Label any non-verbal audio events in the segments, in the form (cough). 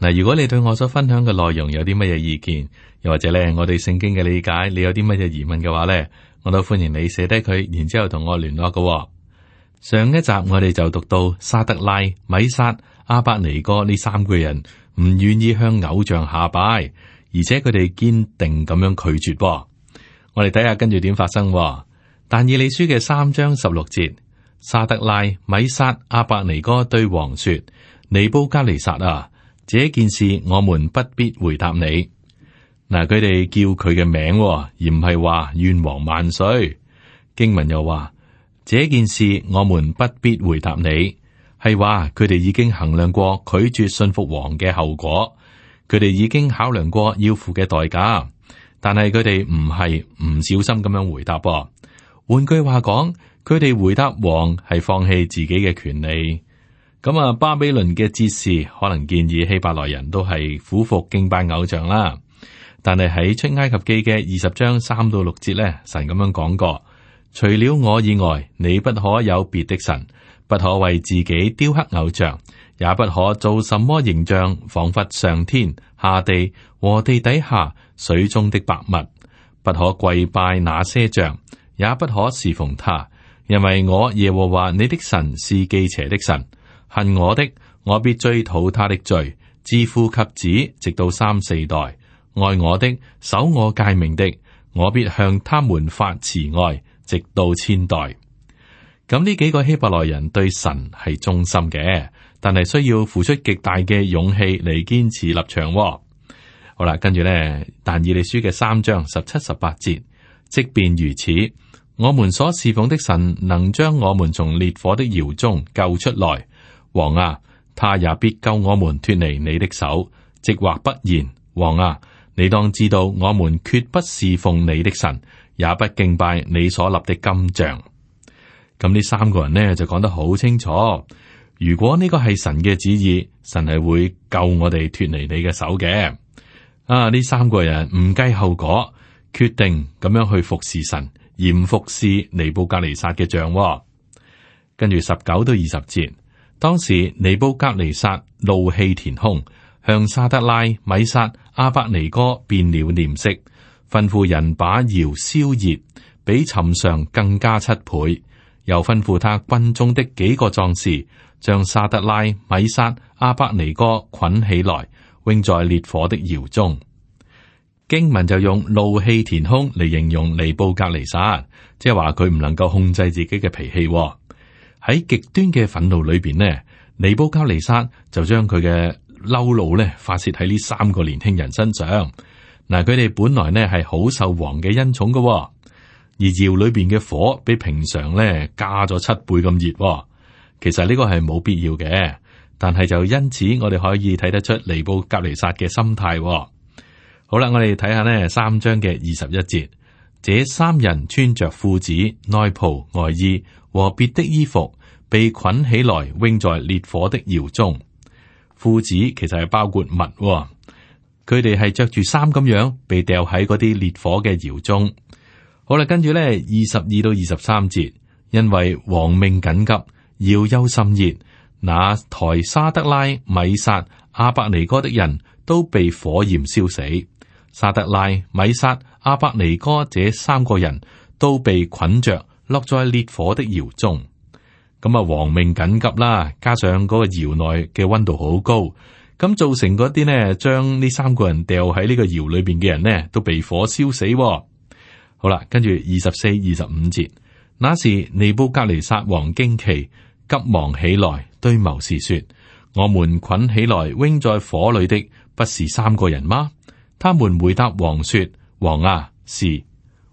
嗱，如果你對我所分享嘅內容有啲乜嘢意見，又或者咧，我哋聖經嘅理解，你有啲乜嘢疑問嘅話咧，我都歡迎你寫低佢，然之後同我聯絡㗎。上一集我哋就讀到沙德拉、米薩、阿伯尼哥呢三個人唔願意向偶像下拜，而且佢哋堅定咁樣拒絕。我哋睇下跟住點發生。但以理書嘅三章十六節，沙德拉、米薩、阿伯尼哥對王說：尼布加尼撒啊！這件事我們不必回答你。嗱，佢哋叫佢嘅名，而唔係話願王萬歲。經文又話，這件事我們不必回答你，係話佢哋已經衡量過拒絕信服王嘅後果，佢哋已經考量過要付嘅代價，但係佢哋唔係唔小心咁樣回答噃。換句話講，佢哋回答王係放棄自己嘅權利。咁啊，巴比倫嘅哲士可能建議希伯來人都係苦服敬拜偶像啦。但係喺出埃及記嘅二十章三到六節咧，神咁樣講過：「除了我以外，你不可有別的神，不可為自己雕刻偶像，也不可做什麼形象，仿佛上天、下地和地底下水中的白物，不可跪拜那些像，也不可侍奉他，因為我耶和華你的神是忌邪的神。」恨我的，我必追討他的罪，自父及子，直到三四代。愛我的，守我誡命的，我必向他們發慈愛，直到千代。咁呢幾個希伯來人對神係忠心嘅，但係需要付出極大嘅勇氣嚟堅持立場，哦。好啦，跟住咧，但以理書嘅三章十七、十八節，即便如此，我們所侍奉的神能將我們從烈火的窯中救出來。王啊，他也必救我們脫離你的手，即或不然。王啊，你當知道，我們決不侍奉你的神，也不敬拜你所立的金像。咁呢三個人呢就講得好清楚。如果呢個係神嘅旨意，神係會救我哋脫離你嘅手嘅。啊，呢三個人唔計後果，決定咁樣去服侍神，而不服侍尼布格尼撒嘅像。跟住十九到二十節。當時尼布格尼撒怒氣填胸，向沙德拉、米薩、阿伯尼哥變了臉色，吩咐人把窯燒熱，比尋常更加七倍，又吩咐他軍中的幾個壯士將沙德拉、米薩、阿伯尼哥捆起來，扔在烈火的窯中。經文就用怒氣填胸嚟形容尼布格尼撒，即係話佢唔能夠控制自己嘅脾氣。喺極端嘅憤怒裏邊呢，尼布加尼撒就將佢嘅嬲怒呢發泄喺呢三個年輕人身上。嗱，佢哋本來呢係好受王嘅恩寵噶，而窯裏邊嘅火比平常呢加咗七倍咁熱。其實呢個係冇必要嘅，但係就因此我哋可以睇得出尼布加尼撒嘅心態。好啦，我哋睇下呢三章嘅二十一節。這三人穿着褲子、內袍、外衣和別的衣服，被捆起來，扔在烈火的窯中。褲子其實係包括襪，佢哋係着住衫咁樣，被掉喺嗰啲烈火嘅窯中。好啦，跟住呢，二十二到二十三節，因為王命緊急，窯又甚熱，那抬沙得拉、米沙、阿伯尼哥的人都被火焰燒死。沙得拉、米沙、阿伯尼哥這三個人都被捆着，落在烈火的窯中。咁啊，王命緊急啦，加上嗰個窯內嘅溫度好高，咁造成嗰啲呢，將呢三個人掉喺呢個窯裏邊嘅人呢，都被火燒死。好啦，跟住二十四、二十五節，那時尼布甲尼撒王驚奇，急忙起來對謀士說：我們捆起來扔在火裏的，不是三個人嗎？他們回答王說。王啊，是。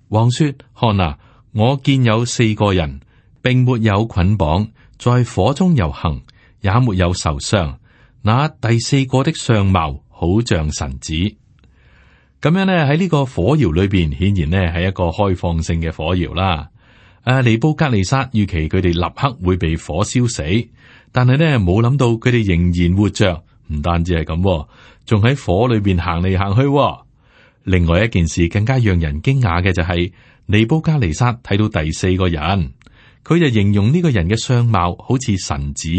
王說：看哪，我見有四個人，並沒有捆綁，在火中遊行，也沒有受傷。那第四個的相貌好像神子。咁樣呢喺呢個火窯裏邊，顯然呢係一個開放性嘅火窯啦。阿、啊、尼布甲尼撒預期佢哋立刻會被火燒死，但係呢冇諗到佢哋仍然活着，唔單止係咁、啊，仲喺火裏邊行嚟行去、啊。另外一件事更加讓人驚訝嘅就係尼布加尼沙睇到第四個人，佢就形容呢個人嘅相貌好似神子，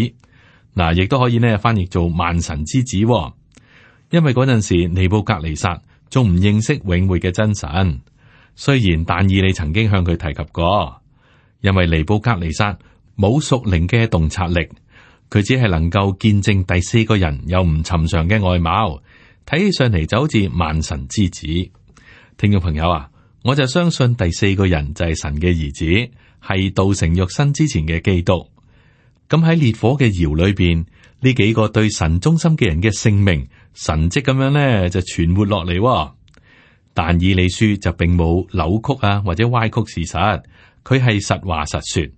嗱，亦都可以呢，翻譯做萬神之子。因為嗰陣時尼布加尼沙仲唔認識永活嘅真神，雖然但以理曾經向佢提及過，因為尼布加尼沙冇屬靈嘅洞察力，佢只係能夠見證第四個人有唔尋常嘅外貌。睇起上嚟就好似萬神之子，聽眾朋友啊，我就相信第四個人就係神嘅兒子，係道成肉身之前嘅基督。咁喺烈火嘅窑裏邊，呢幾個對神忠心嘅人嘅性命、神蹟咁樣咧就存活落嚟。但以理書就並冇扭曲啊或者歪曲事實，佢係實話實說。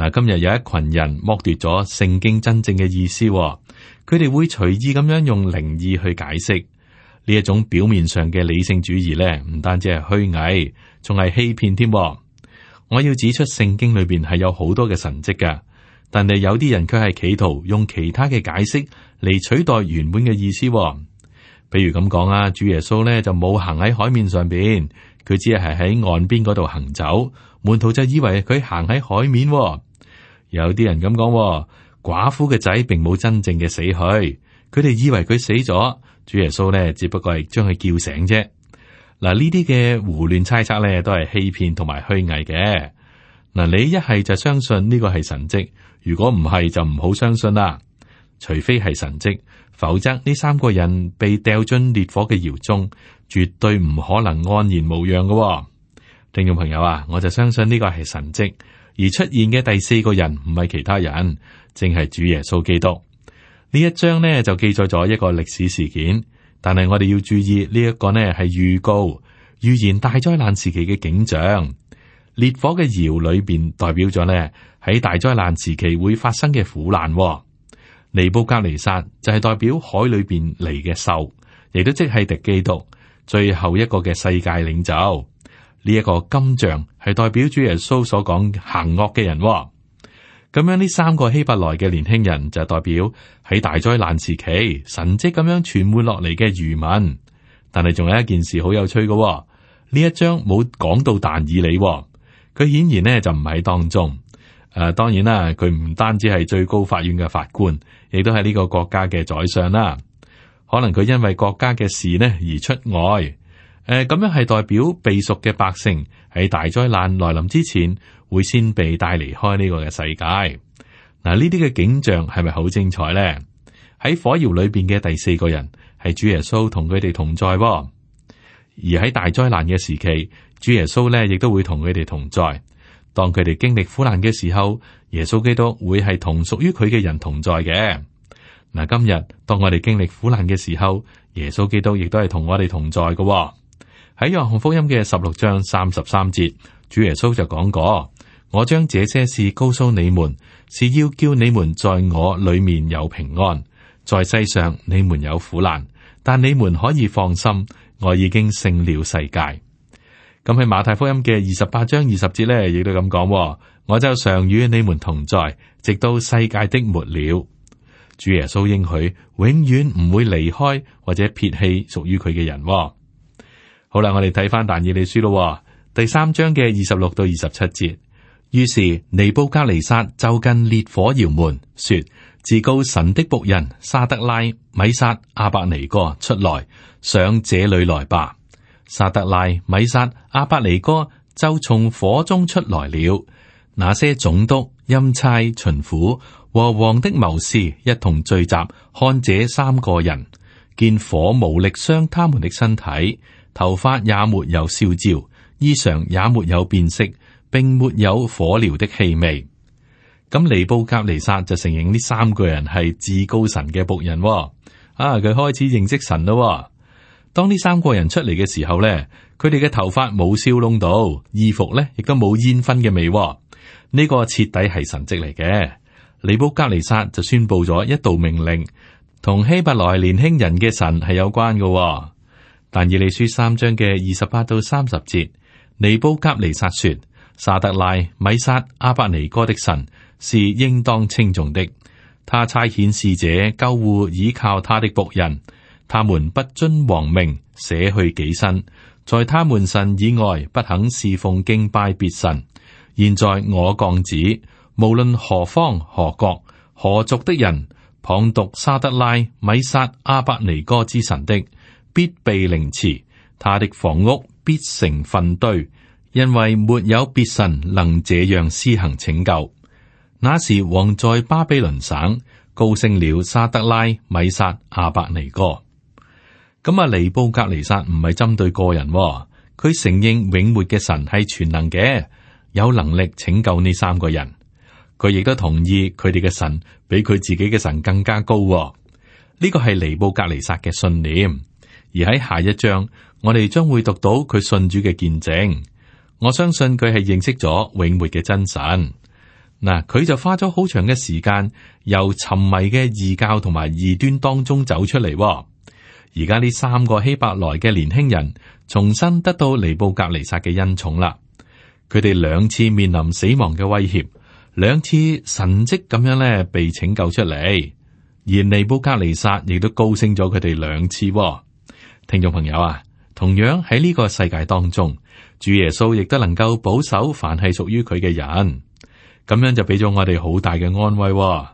嗱，今日有一群人剝奪咗聖經真正嘅意思喎，佢哋會隨意咁樣用靈意去解釋呢一種表面上嘅理性主義咧，唔單止係虛偽，仲係欺騙添。我要指出聖經裏邊係有好多嘅神蹟噶，但係有啲人卻係企圖用其他嘅解釋嚟取代原本嘅意思喎。比如咁講啊，主耶穌咧就冇行喺海面上邊，佢只係喺岸邊嗰度行走，門徒就以為佢行喺海面喎。有啲人咁講，寡婦嘅仔並冇真正嘅死去，佢哋以為佢死咗，主耶穌咧只不過係將佢叫醒啫。嗱，呢啲嘅胡亂猜測咧都係欺騙同埋虛偽嘅。嗱，你一係就相信呢個係神蹟，如果唔係就唔好相信啦。除非係神蹟，否則呢三個人被掉進烈火嘅窑中，絕對唔可能安然無恙嘅。聽眾朋友啊，我就相信呢個係神蹟，而出現嘅第四個人唔係其他人，正係主耶穌基督。呢一章咧就記載咗一個歷史事件。但係我哋要注意呢一個咧係預告預言大災難時期嘅景象。烈火嘅窑裏邊代表咗咧喺大災難時期會發生嘅苦難哦。尼布甲尼撒就係代表海裏邊嚟嘅獸，亦都即係敵基督最後一個嘅世界領袖。呢一個金像係代表主耶穌所講行惡嘅人，哦，咁樣呢三個希伯來嘅年輕人就代表喺大災難時期神跡咁樣傳喚落嚟嘅漁民。但係仲有一件事好有趣嘅，哦，呢一章冇講到但以理，哦，佢顯然呢就唔喺當中。誒、呃，當然啦，佢唔單止係最高法院嘅法官，亦都係呢個國家嘅宰相啦。可能佢因為國家嘅事咧而出外。誒，咁樣係代表被贖嘅百姓喺大災難來臨之前，會先被帶離開呢個嘅世界。嗱，呢啲嘅景象係咪好精彩呢？喺火窑裏邊嘅第四個人係主耶穌同佢哋同在，而喺大災難嘅時期，主耶穌咧亦都會同佢哋同在。當佢哋經歷苦難嘅時候，耶穌基督會係同屬於佢嘅人同在嘅。嗱，今日當我哋經歷苦難嘅時候，耶穌基督亦都係同我哋同在嘅。喺約翰福音嘅十六章三十三節，主耶穌就講過：我將這些事告訴你們，是要叫你們在我裏面有平安。在世上你們有苦難，但你們可以放心，我已經勝了世界。咁喺、嗯、馬太福音嘅二十八章二十節呢，亦都咁講。我就常與你們同在，直到世界的末了。主耶穌應許永遠唔會離開或者撇棄屬於佢嘅人。好啦，我哋睇翻《但以理書》咯，第三章嘅二十六到二十七節。於是尼布加尼撒就近烈火窯門，說：至高神的僕人沙德拉、米撒、阿伯尼哥出來上這裏來吧。沙德拉、米撒、阿伯尼哥就從火中出來了。那些總督、欽差、巡撫和王的謀士一同聚集，看這三個人，見火無力傷他們的身體。頭髮也沒有燒焦，衣裳也沒有變色，並沒有火燎的氣味。咁尼布格尼撒就承認呢三個人係至高神嘅僕人、哦。啊，佢開始認識神咯、哦。當呢三個人出嚟嘅時候呢，佢哋嘅頭髮冇燒燶到，衣服呢亦都冇煙熏嘅味、哦。呢、這個徹底係神跡嚟嘅。尼布格尼撒就宣布咗一道命令，同希伯來年輕人嘅神係有關嘅、哦。但以理書三章嘅二十八到三十節，尼布甲尼撒說：沙德拉、米薩、阿伯尼哥的神是應當稱重的。他差遣使者救護倚靠他的僕人，他們不遵王命，捨去己身，在他們神以外不肯侍奉敬拜別神。現在我降旨，無論何方何國何族的人，旁讀沙德拉、米薩、阿伯尼哥之神的。必被凌遲，他的房屋必成糞堆，因為沒有別神能這樣施行拯救。那時王在巴比倫省高升了沙德拉、米薩、阿伯尼哥咁啊。尼布格尼薩唔係針對個人，哦，佢承認永活嘅神係全能嘅，有能力拯救呢三個人。佢亦都同意佢哋嘅神比佢自己嘅神更加高，哦。呢、呢個係尼布格尼薩嘅信念。而喺下一章，我哋將會讀到佢信主嘅見證。我相信佢係認識咗永活嘅真神。嗱、呃，佢就花咗好長嘅時間，由沉迷嘅異教同埋異端當中走出嚟。而家呢三個希伯來嘅年輕人，重新得到尼布格尼撒嘅恩寵啦。佢哋兩次面臨死亡嘅威脅，兩次神蹟咁樣咧被拯救出嚟，而尼布格尼撒亦都高升咗佢哋兩次。聽眾朋友啊，同樣喺呢個世界當中，主耶穌亦都能夠保守凡係屬於佢嘅人，咁樣就俾咗我哋好大嘅安慰喎。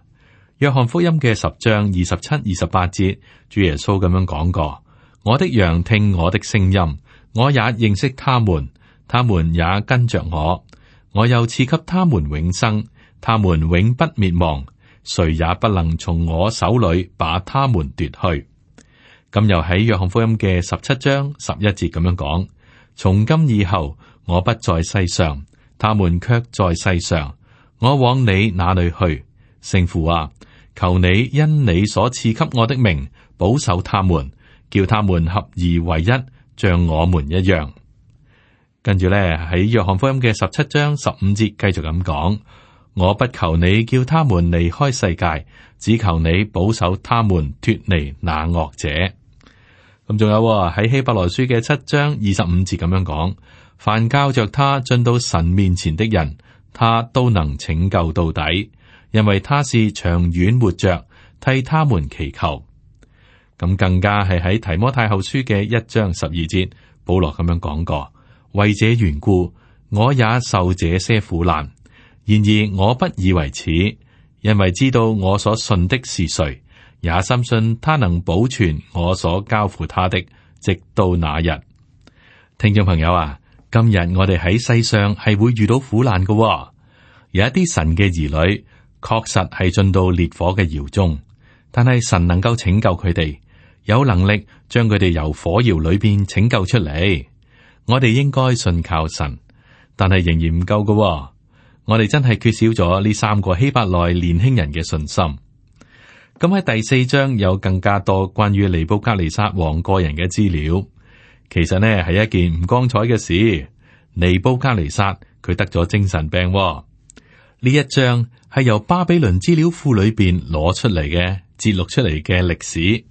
約翰福音嘅十章二十七、二十八節，主耶穌咁樣講過：「我的羊聽我的聲音，我也認識他們，他們也跟着我，我又賜給他們永生，他們永不滅亡，誰也不能從我手裏把他們奪去。咁又喺約翰福音嘅十七章十一節咁樣講：從今以後，我不在世上，他們卻在世上。我往你那裏去，聖父啊，求你因你所賜給我的名保守他們，叫他們合而為一，像我們一樣。跟住呢，喺約翰福音嘅十七章十五節繼續咁講：我不求你叫他們離開世界，只求你保守他們脱離那惡者。咁仲有喺希伯來書嘅七章二十五節咁樣講，凡交着他進到神面前的人，他都能拯救到底，因為他是長遠活着，替他們祈求。咁更加係喺提摩太後書嘅一章十二節，保羅咁樣講過，為這緣故，我也受這些苦難，然而我不以為恥，因為知道我所信的是誰。也深信他能保存我所交付他的，直到那日。聽眾朋友啊，今日我哋喺世上係會遇到苦難嘅、哦，有一啲神嘅兒女確實係進到烈火嘅窑中，但係神能夠拯救佢哋，有能力將佢哋由火窑裏邊拯救出嚟。我哋應該信靠神，但係仍然唔夠嘅、哦。我哋真係缺少咗呢三個希伯來年輕人嘅信心。咁喺第四章有更加多關於尼布甲尼撒王個人嘅資料，其實呢係一件唔光彩嘅事。尼布甲尼撒佢得咗精、哦、精神病，呢一章係由巴比倫資料庫裏邊攞出嚟嘅、截錄出嚟嘅歷史。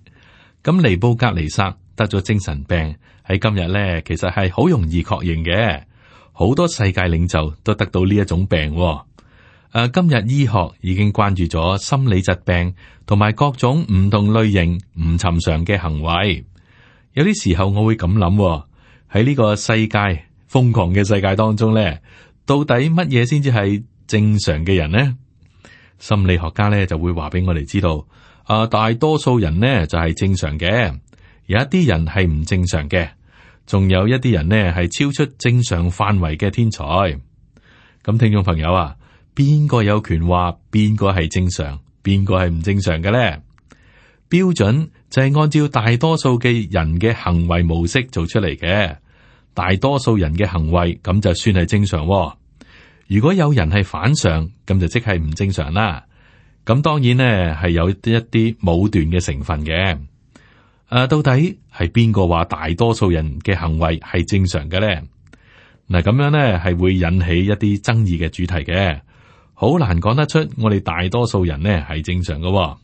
咁尼布甲尼撒得咗精神病，喺今日呢，其實係好容易確認嘅，好多世界領袖都得到呢一種病、哦。誒，今日醫學已經關注咗心理疾病同埋各種唔同類型唔尋常嘅行為。有啲時候我會咁諗，喺呢個世界，瘋狂嘅世界當中呢，到底乜嘢先至係正常嘅人呢？心理學家呢就會話俾我哋知道，誒，大多數人呢就係正常嘅，有一啲人係唔正常嘅，仲有一啲人呢係超出正常範圍嘅天才。咁，聽眾朋友啊。邊個有權話邊個係正常，邊個係唔正常嘅咧？標準就係按照大多數嘅人嘅行為模式做出嚟嘅。大多數人嘅行為咁就算係正常。如果有人係反常，咁就即係唔正常啦。咁當然呢，係有一啲武斷嘅成分嘅。誒、啊，到底係邊個話大多數人嘅行為係正常嘅咧？嗱，咁樣咧係會引起一啲爭議嘅主題嘅。好難講得出，我哋大多數人呢係正常㗎喎。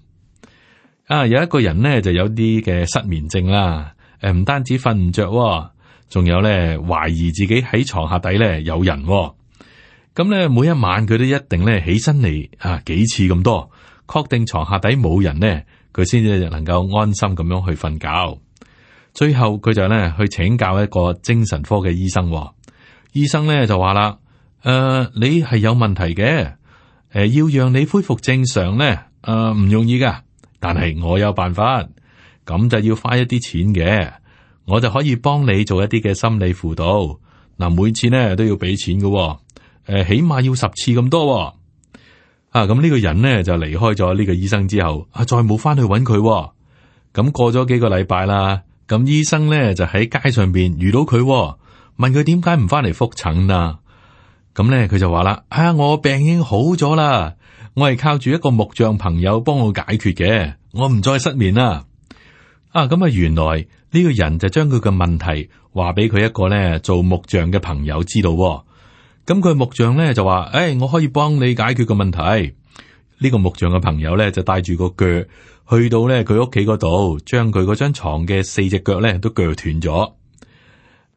啊，有一個人呢就有啲嘅失眠症啦。誒，唔單止瞓唔着，仲有呢懷疑自己喺床下底呢有人喎。咁呢每一晚佢都一定呢起身嚟啊幾次咁多，確定床下底冇人呢，佢先至能夠安心咁樣去瞓覺。最後佢就呢去請教一個精神科嘅醫生喎。醫生呢就話啦：誒、啊，你係有問題嘅。誒，要讓你恢復正常咧，誒、呃、唔容易噶，但係我有辦法，咁就要花一啲錢嘅，我就可以幫你做一啲嘅心理輔導。嗱，每次咧都要俾錢噶、哦，誒起碼要十次咁多、哦。啊，咁呢個人咧就離開咗呢個醫生之後，啊再冇翻去揾佢、哦。咁過咗幾個禮拜啦，咁醫生咧就喺街上邊遇到佢、哦，問佢點解唔翻嚟複診啦？咁咧，佢、嗯、就話啦：啊，我病已經好咗啦，我係靠住一個木匠朋友幫我解決嘅，我唔再失眠啦。啊，咁、嗯、啊，原來呢、這個人就將佢嘅問題話俾佢一個咧做木匠嘅朋友知道。咁佢木匠咧就話：誒、哎，我可以幫你解決個問題。呢、這個木匠嘅朋友咧就帶住個鋸去到咧佢屋企嗰度，將佢嗰張床嘅四隻腳咧都鋸斷咗。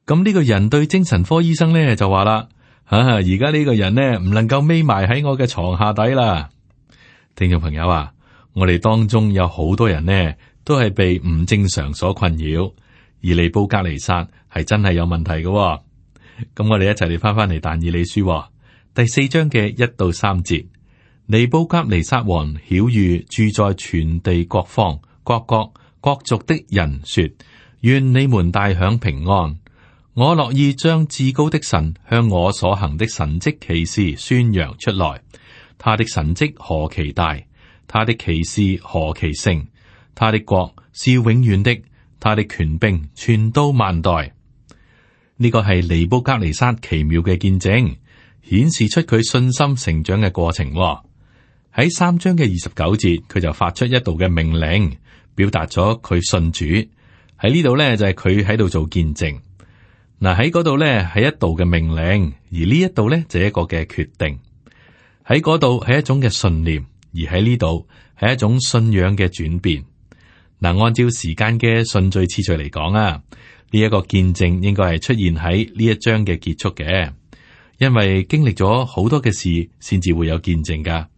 咁、嗯、呢、這個人對精神科醫生咧就話啦。啊！而家呢個人呢，唔能夠匿埋喺我嘅床下底啦。聽眾朋友啊，我哋當中有好多人呢，都係被唔正常所困擾，而尼布甲尼撒係真係有問題嘅、哦。咁、嗯、我哋一齊嚟翻翻嚟但以理書、哦、第四章嘅一到三節，尼布甲尼撒王曉諭住在全地各方各國各族的人說：願你們大享平安。我樂意將至高的神向我所行的神跡奇事宣揚出來。他的神跡何其大，他的奇事何其盛，他的國是永遠的，他的權柄全都萬代。呢、這個係尼布甲尼撒奇妙嘅見證，顯示出佢信心成長嘅過程。喺三章嘅二十九節，佢就發出一道嘅命令，表達咗佢信主，喺呢度呢，就係佢喺度做見證。嗱，喺嗰度咧係一道嘅命令，而呢一道咧就係一個嘅決定。喺嗰度係一種嘅信念，而喺呢度係一種信仰嘅轉變。嗱，按照時間嘅順序次序嚟講啊，呢一個見證應該係出現喺呢一章嘅結束嘅，因為經歷咗好多嘅事先至會有見證噶。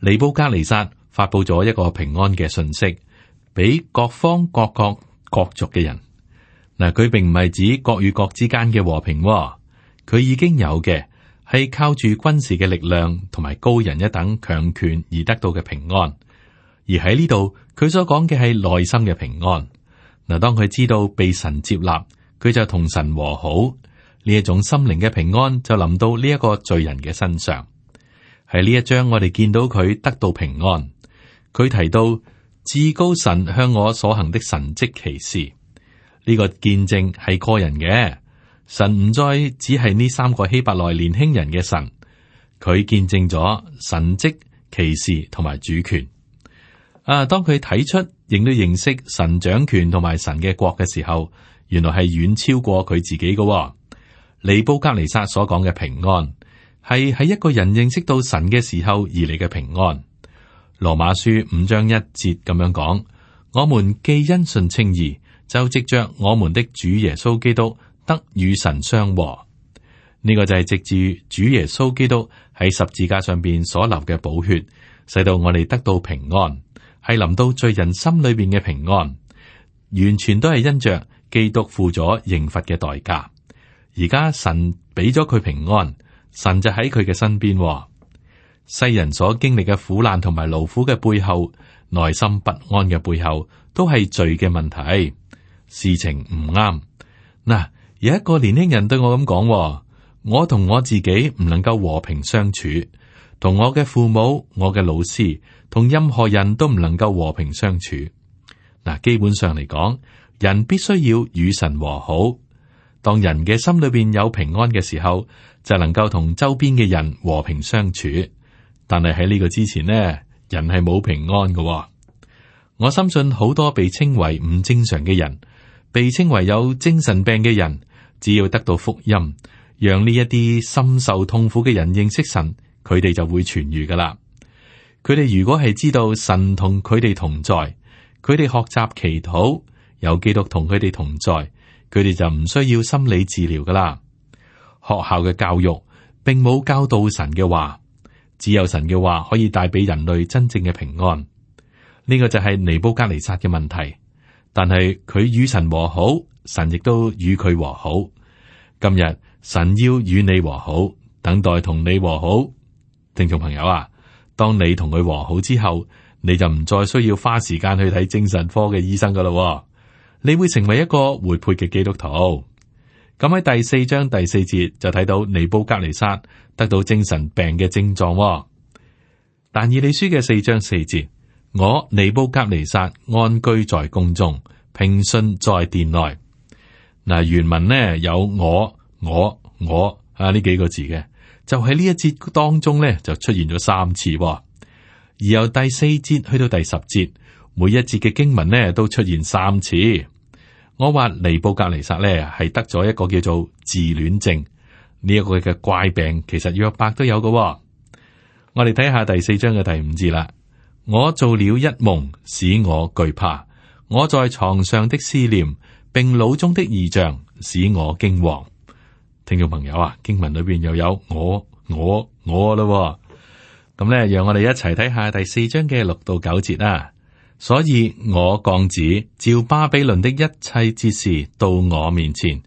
尼布加尼撒發佈咗一個平安嘅信息，俾各方各國各族嘅人。嗱，佢並唔係指國與國之間嘅和平，佢已經有嘅係靠住軍事嘅力量同埋高人一等強權而得到嘅平安。而喺呢度，佢所講嘅係內心嘅平安。嗱，當佢知道被神接納，佢就同神和好，呢一種心靈嘅平安就臨到呢一個罪人嘅身上。喺呢一章，我哋見到佢得到平安。佢提到至高神向我所行的神跡奇事。呢個見證係個人嘅神，唔再只係呢三個希伯來年輕人嘅神，佢見證咗神蹟、奇事同埋主權。啊，當佢睇出認到認識神掌權同埋神嘅國嘅時候，原來係遠超過佢自己噶，哦。尼布甲尼撒所講嘅平安係喺一個人認識到神嘅時候而嚟嘅平安。羅馬書五章一節咁樣講：我們既因信稱義。就藉着我們的主耶穌基督得與神相和，呢、這個就係藉住主耶穌基督喺十字架上邊所流嘅寶血，使到我哋得到平安，係臨到罪人心裏邊嘅平安，完全都係因着基督付咗刑罰嘅代價。而家神俾咗佢平安，神就喺佢嘅身邊。世人所經歷嘅苦難同埋勞苦嘅背後，內心不安嘅背後，都係罪嘅問題。事情唔啱，嗱，有一個年輕人對我咁講、哦，我同我自己唔能夠和平相處，同我嘅父母、我嘅老師、同任何人都唔能夠和平相處。嗱、啊，基本上嚟講，人必須要與神和好。當人嘅心裏邊有平安嘅時候，就能夠同周邊嘅人和平相處。但係喺呢個之前咧，人係冇平安嘅、哦。我深信好多被稱為唔正常嘅人。被稱為有精神病嘅人，只要得到福音，讓呢一啲深受痛苦嘅人認識神，佢哋就會痊愈噶啦。佢哋如果係知道神同佢哋同在，佢哋學習祈禱，有基督同佢哋同在，佢哋就唔需要心理治療噶啦。學校嘅教育並冇教導神嘅話，只有神嘅話可以帶俾人類真正嘅平安。呢、這個就係尼布甲尼撒嘅問題。但係佢與神和好，神亦都與佢和好。今日神要與你和好，等待同你和好。聽眾朋友啊，當你同佢和好之後，你就唔再需要花時間去睇精神科嘅醫生噶啦。你會成為一個活潑嘅基督徒。咁喺第四章第四節就睇到尼布甲尼撒得到精神病嘅症狀。但以理書嘅四章四節。我尼布甲尼撒安居在宮中，平順在殿內。嗱，原文呢有我、我、我啊呢幾個字嘅，就喺呢一節當中咧就出現咗三次、哦。而由第四節去到第十節，每一節嘅經文咧都出現三次。我話尼布甲尼撒咧係得咗一個叫做自戀症呢一個嘅怪病，其實約伯都有嘅、哦。我哋睇下第四章嘅第五節啦。我做了一夢，使我懼怕。我在床上的思念，並腦中的異象，使我驚惶。聽眾朋友啊，經文裏邊又有我、我、我咯。咁咧，讓我哋一齊睇下第四章嘅六到九節啦、啊。所以，我降旨召巴比倫的一切哲士到我面前，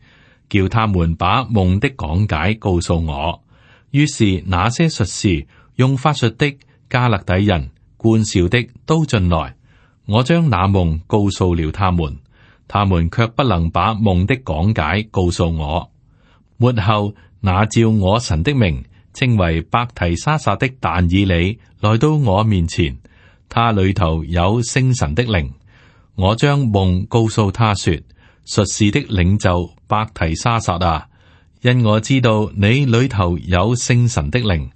叫他們把夢的講解告訴我。於是，那些術士用法術的迦勒底人。觀兆的都進來，我將那夢告訴了他們，他們卻不能把夢的講解告訴我。末後那照我神的名稱為伯提沙撒的但以理來到我面前，他裡頭有聖神的靈。我將夢告訴他說：術士的領袖伯提沙撒啊，因我知道你裡頭有聖神的靈。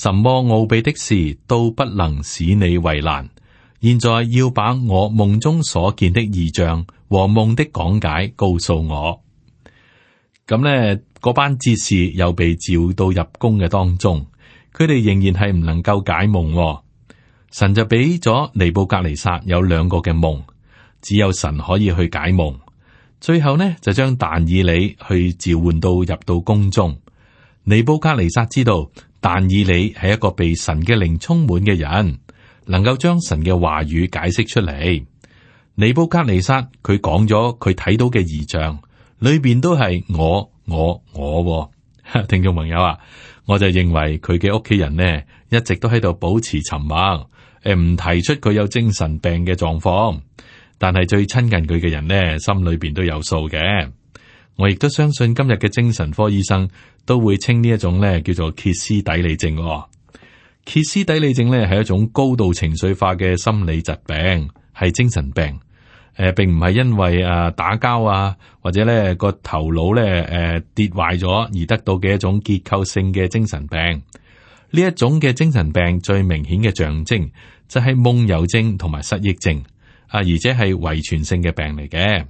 什麼奧秘的事都不能使你為難。現在要把我夢中所見的異象和夢的講解告訴我。咁呢，嗰班哲士又被召到入宮嘅當中，佢哋仍然係唔能夠解夢，哦。神就俾咗尼布甲尼撒有兩個嘅夢，只有神可以去解夢。最後呢，就將但以理去召喚到入到宮中。尼布甲尼撒知道。但以理係一個被神嘅靈充滿嘅人，能夠將神嘅話語解釋出嚟。尼布甲尼撒佢講咗佢睇到嘅異象，裏邊都係我我我。我我哦、 (laughs) 聽眾朋友啊，我就認為佢嘅屋企人呢，一直都喺度保持沉默，誒，唔提出佢有精神病嘅狀況。但係最親近佢嘅人呢，心裏邊都有數嘅。我亦都相信今日嘅精神科醫生都會稱呢一種咧叫做歇斯底里症，哦。歇斯底里症咧係一種高度情緒化嘅心理疾病，係精神病。誒、呃，並唔係因為打啊打交啊或者咧個頭腦咧誒跌壞咗而得到嘅一種結構性嘅精神病。呢一種嘅精神病最明顯嘅象徵就係夢遊症同埋失憶症啊，而且係遺傳性嘅病嚟嘅。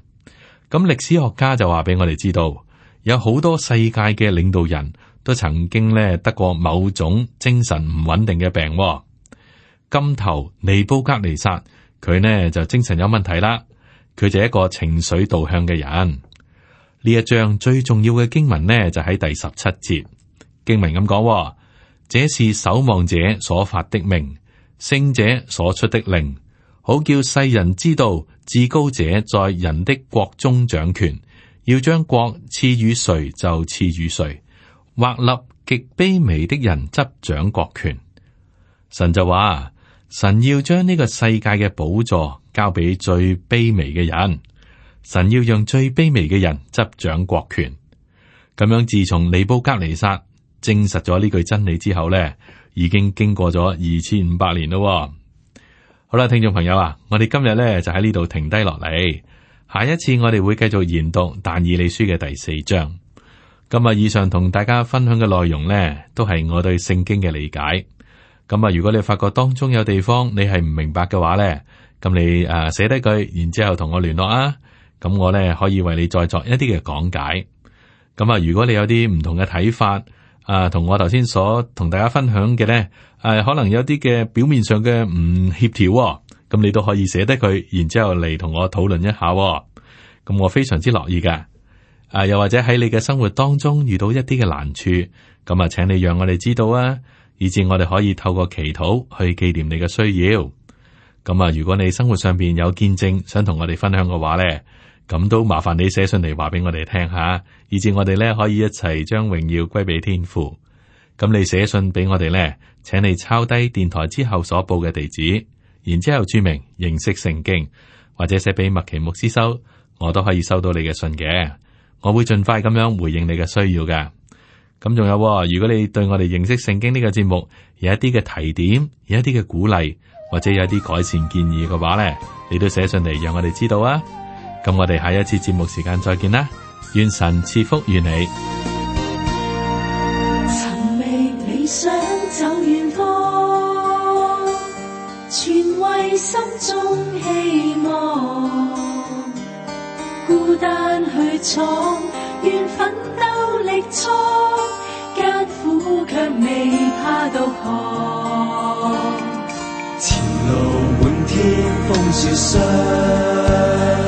咁歷史學家就話俾我哋知道，有好多世界嘅領導人都曾經咧得過某種精神唔穩定嘅病、哦。金頭尼布格尼撒佢呢就精神有問題啦，佢就係一個情緒導向嘅人。呢一章最重要嘅經文呢，就喺第十七節，經文咁講、哦：這是守望者所發的命，聖者所出的令。好叫世人知道，至高者在人的國中掌權，要將國賜予誰就賜予誰，或立極卑微的人執掌國權。神就話：神要將呢個世界嘅寶座交俾最卑微嘅人，神要讓最卑微嘅人執掌國權。咁樣自從尼布甲尼撒證，證實咗呢句真理之後咧，已經經過咗二千五百年咯。好啦，聽眾朋友啊，我哋今日咧就喺呢度停低落嚟，下一次我哋會繼續研讀但以理書嘅第四章。咁啊，以上同大家分享嘅內容咧，都係我對聖經嘅理解。咁啊，如果你發覺當中有地方你係唔明白嘅話咧，咁你誒寫低句，然之後同我聯絡啊，咁我咧可以為你再作一啲嘅講解。咁啊，如果你有啲唔同嘅睇法。啊，同我頭先所同大家分享嘅呢，誒、啊，可能有啲嘅表面上嘅唔協調，哦，咁你都可以寫低佢，然之後嚟同我討論一下，哦，咁我非常之樂意㗎。啊，又或者喺你嘅生活當中遇到一啲嘅難處，咁啊，請你讓我哋知道啊，以至我哋可以透過祈禱去紀念你嘅需要。咁啊，如果你生活上邊有見證想同我哋分享嘅話呢，咁都麻煩你寫信嚟，話俾我哋聽下，以至我哋咧可以一齊將榮耀歸俾天父。咁你寫信俾我哋咧，請你抄低電台之後所報嘅地址，然之後注明認識聖經，或者寫俾麥奇牧師收，我都可以收到你嘅信嘅。我會盡快咁樣回應你嘅需要嘅。咁仲有，如果你對我哋認識聖經呢個節目有一啲嘅提點，有一啲嘅鼓勵，或者有一啲改善建議嘅話咧，你都寫信嚟讓我哋知道啊！咁我哋下一次節目時間再見啦，願神賜福於你。尋覓理想走遠方，全為心中希望。孤單去闖，願奮鬥力挫艱苦，卻未怕獨航，前路滿天風雪霜。